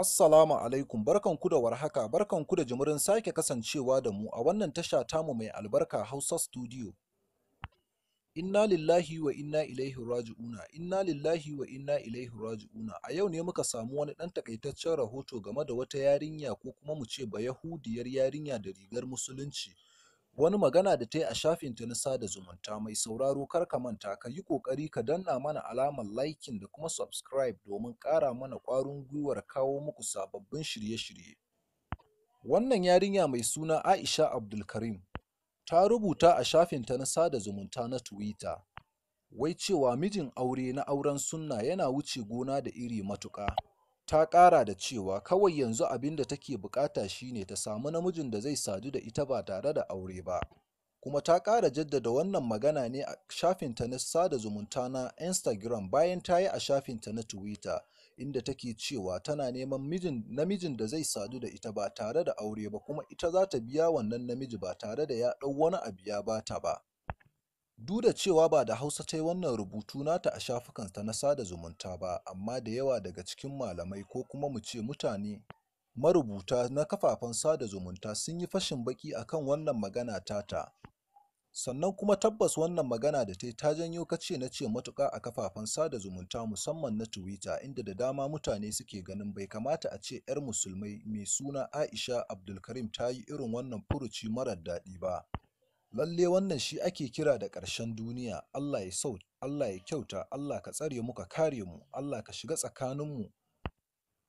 Assalamu alaikum barkanku da warhaka barkanku da jimirin sake kasancewa da mu a wannan tasha tamu mai albarka Hausa Studio. Inna lillahi wa inna ilaihi raji'una inna lillahi wa inna ilaihi raji'una a yau ne muka samu wani ɗan takaitaccen rahoto game da wata yarinya ko kuma mu ce bayahudiyar yarinya da rigar musulunci wani magana da ta yi a shafinta na sada zumunta mai sauraro kar ka manta ka yi ƙoƙari ka danna mana alamar likin da kuma subscribe domin ƙara mana ƙwarin gwiwar kawo muku sababbin shirye-shirye. Wannan yarinya mai suna Aisha Abdulkarim ta rubuta a shafinta na sada zumunta na Twitter wai cewa mijin aure na auren sunna yana wuce gona da iri matuƙa. ta ƙara da cewa kawai yanzu abin da take buƙata shine ta samu namijin da zai sadu da ita ba tare da aure ba kuma ta ƙara jaddada wannan magana ne a shafinta na sada zumunta na instagram bayan ta yi a shafinta na twitter inda take cewa tana neman namijin da zai sadu da ita ba tare da aure ba kuma ita za ta biya wannan namiji ba tare da ya ɗau wani abu ya bata ba Duk da cewa ba da Hausa ta yi wannan rubutu nata a ta na sada zumunta ba, amma da yawa daga cikin malamai ko kuma mu ce mutane marubuta na kafafen sada zumunta sun yi fashin baki a kan wannan magana tata, sannan kuma tabbas wannan magana da ta yi ta janyo kace-na-ce matuƙa a kafafen sada zumunta musamman na Tiwita inda da dama mutane suke ganin bai kamata a ce 'yar Musulmai mai suna A'isha Abdulkarim ta yi irin wannan furuci marar daɗi ba. lalle wannan shi ake kira da ƙarshen duniya Allah ya sau Allah ya kyauta Allah ka tsare mu ka kare mu Allah ka shiga tsakaninmu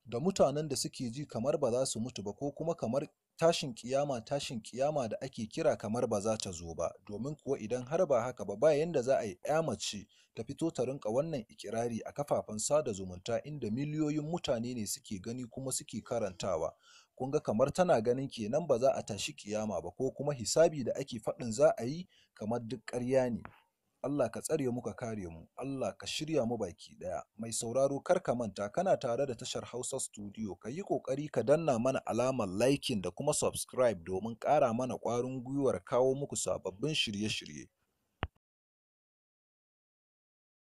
da mutanen da suke ji kamar ba za su mutu ba ko kuma kamar tashin kiyama tashin kiyama da ake kira kamar ba za ta zo ba domin kuwa idan har ba haka ba bayan da za a yi mace ta fito ta rinka wannan ikirari a kafafen sada zumunta inda miliyoyin mutane ne suke gani kuma suke karantawa kun ga kamar tana ganin kenan ba za a tashi kiyama ba ko kuma hisabi da ake faɗin za a yi kamar duk ƙarya ne Allah ka tsare mu ka kare mu Allah ka shirya mu baki daya mai sauraro kar ka manta kana tare da tashar Hausa Studio ka yi kokari ka danna mana alamar liking da kuma subscribe domin ƙara mana ƙwarin gwiwar kawo muku sababbin shirye-shirye